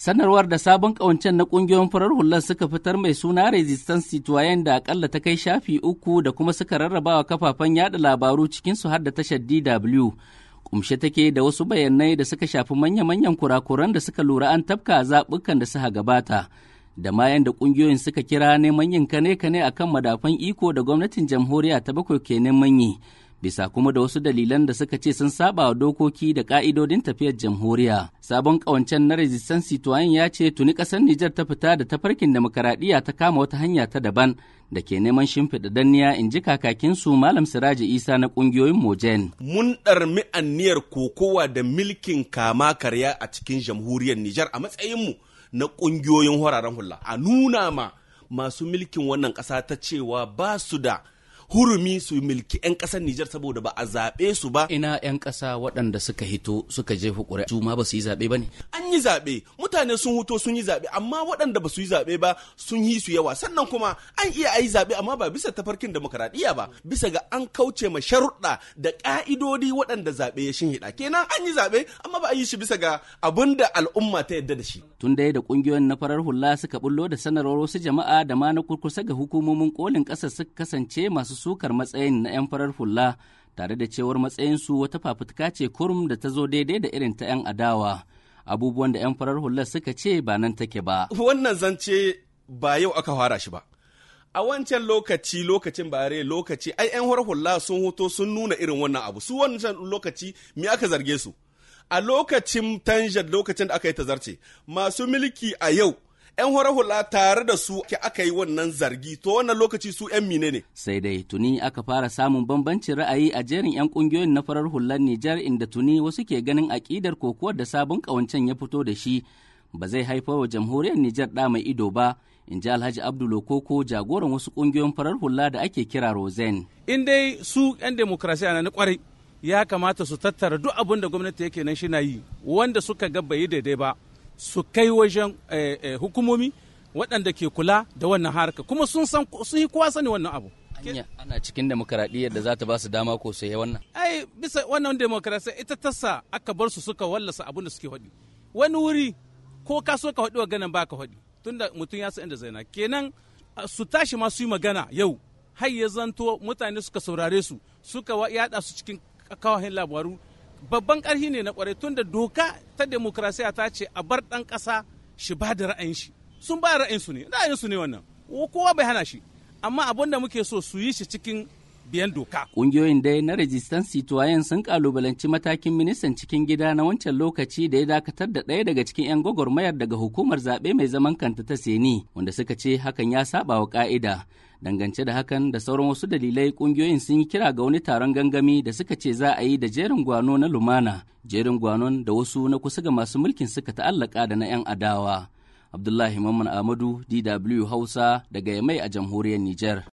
Sanarwar da sabon ƙawancen na ƙungiyoyin farar hular suka fitar mai suna Resistance Citoyen da akalla ta kai shafi uku da kuma suka rarrabawa kafafen yada labaru cikinsu har da tashar DW. Kumshe take da wasu bayanai da suka shafi manya-manyan kurakuran da suka lura an tafka a zaɓukan da suka gabata. Da mayan da ƙungiyoyin suka kira neman yin kane-kane akan madafan iko da gwamnatin jamhuriya ta bakwai ke neman yi. bisa kuma da wasu dalilan da suka ce sun saba wa dokoki da ka'idodin tafiyar jamhuriya sabon kawancen na resistance citoyen ya ce tuni kasar nijar ta fita da tafarkin demokaradiyya ta kama wata hanya ta daban da ke neman shimfiɗa danniya in ji kakakin su malam siraji isa na ƙungiyoyin mojen mun ɗarmi anniyar kokowa da milkin kama karya a cikin jamhuriyar nijar a matsayinmu na ƙungiyoyin horaren hula a nuna ma masu milkin wannan ƙasa ta cewa ba su da hurumi su milki 'yan ƙasar Nijar saboda ba a zaɓe su ba. Ina 'yan ƙasa waɗanda suka hito suka jefa ƙuri'a su ma ba su yi zaɓe ba ne. An an yi zaɓe mutane sun huto sun yi zaɓe amma waɗanda ba su yi zaɓe ba sun yi su yawa sannan kuma an iya ayi zaɓe amma ba bisa tafarkin demokaraɗiyya ba bisa ga an kauce ma sharuɗa da ƙa'idodi waɗanda zaɓe ya shinhiɗa kenan an yi zaɓe amma ba a yi shi bisa ga abin da al'umma ta yadda da shi. tun da da ƙungiyoyin na farar hula suka bullo da sanarwar wasu jama'a da ma na kurkusa ga hukumomin ƙolin ƙasa suka kasance masu sukar matsayin na 'yan farar hula tare da cewar matsayin su wata fafutuka ce kurum da ta zo daidai da irin ta 'yan adawa. abubuwan da 'yan farar hular suka ce ba nan take ba. Wannan zance ba yau aka fara shi ba. A wancan lokaci lokacin re lokaci ai 'yan farar hula sun hoto sun nuna irin wannan abu su wancan lokaci me aka zarge su. A lokacin tanjar lokacin da aka yi tazarce masu mulki a yau 'yan hula tare da su ke aka yi wannan zargi to wannan lokaci su 'yan mine ne. Sai dai tuni aka fara samun bambancin ra'ayi a jerin 'yan kungiyoyin na farar hular Nijar inda tuni wasu ke ganin aƙidar kokuwar da sabon ƙawancen ya fito da shi ba zai haifar wa jamhuriyar Nijar da mai ido ba in ji Alhaji Abdul Koko jagoran wasu kungiyoyin farar hula da ake kira Rosen. In dai su 'yan demokrasiya na kwarai ya kamata su tattara duk abin da gwamnati yake nan shi na yi wanda suka ga bai daidai ba su kai wajen eh, eh, hukumomi waɗanda ke kula da wannan harka kuma sun san sun yi kowa sani wannan abu ana cikin demokaradiyyar da za ta ba su dama ko yi wannan ai bisa wannan demokaradiyyar ita tasa aka bar su suka wallasa abin da suke haɗu wani wuri ko ka so ka hodi ganin ba ka tunda mutum ya san inda na kenan su tashi ma su yi magana yau har ya zanto mutane suka saurare su suka yada su cikin kawahin labaru babban ƙarfi ne na tun da doka ta demokrasiya ta ce a bar ɗan ƙasa shi ba da ra'ayin shi sun ba ra'ayin su ne ra'ayin su ne wannan kowa bai hana shi amma abin da muke so su yi shi cikin biyan doka. Ƙungiyoyin dai na Resistance Citoyen sun kalubalanci matakin ministan cikin gida na wancan lokaci da ya dakatar da ɗaya daga cikin 'yan gwagwarmayar daga hukumar zaɓe mai zaman kanta ta Seni, wanda suka ce hakan ya saba wa ƙa'ida. Dangance da hakan da sauran wasu dalilai ƙungiyoyin sun yi kira ga wani taron gangami da suka ce za a yi da jerin gwano na lumana, jerin gwanon da wasu na kusa ga masu mulkin suka ta'allaka da na 'yan adawa. Abdullahi Mamman ahmadu DW Hausa, daga Yamai a jamhuriyar Nijar.